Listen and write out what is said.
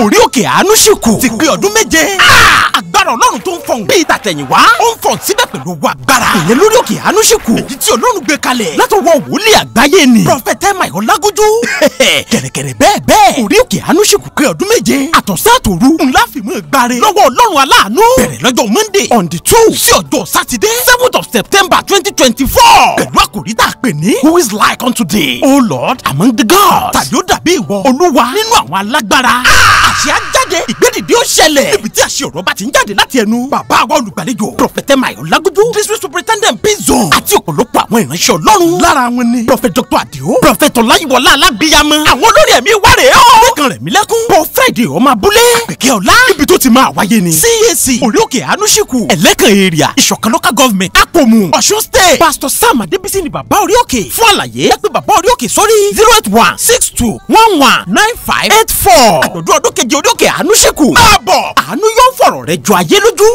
Àmórí òkè àánú ṣìkù ti pé ọdún méje. Ah! agbára ọlọ́run tó ń fọ̀n bíi tàtẹ̀yìnwá ó ń fọ̀n síbẹ̀ pẹ̀lú wa agbára. ìyẹn lórí òkè àánú ṣìkù èyí tí ọlọ́run gbé kalẹ̀ látọwọ́ wòlíì àgbáyé ni. prọfẹtẹ mayo lagunjú. kẹ̀rẹ̀kẹ̀rẹ̀ bẹ́ẹ̀ bẹ́ẹ̀ orí òkè àánú ṣìkù pé ọdún méje àtọ̀sán àtòru ńlá fìmọ̀ gbáre lọ́wọ́ ọlọ́run aláàánú. bẹ̀rẹ̀ lọ́jọ́ saturday seventh of september twenty twenty four. pẹ̀lú àkòrí who is like unto thee. o lord among the gods. tàbí ó gbàgbọ́ olúwa nínú àwọn alágbára ah! àṣẹ ajáde ìgbé ìwọ́de ó ṣẹlẹ̀. níbi tí àṣẹ ọ̀rọ̀ bá ti ń jáde láti ẹnu. bàbá wa olùgbàlejò. prọfẹtẹ mayo lagudu. district superintendent pizon. àti ọ̀pọ̀lọpọ̀ àwọn ìránṣẹ́ ọlọ́run. lára wọn ni. prọfẹt dr adio. prọfẹt ọláyíwọlá alábíyamọ. àwọn olórí ẹ̀mí wà rèé o. lẹ́kàn rẹ̀ mí lẹ́kún. prọfẹ̀dì ọmọ abúlé. àpèkẹ́ ọ̀la. ibi tó ti máa wáyé ni. cac oríòkè anúṣekù. ẹlẹ́kàn area ìṣọ̀kan local government. àpòmù ọ̀ṣun state. pastor sam adébísí ni bàbá oríòkè. fún àlàyé ẹ pè bàbá oríòkè sórí zero eight one six two one one nine five eight four. àjọ̀dún ọdún keje oríòkè anúṣekù máa bọ̀ àánú yóò fọ̀rọ̀ rẹ̀ jọ ayé lójú.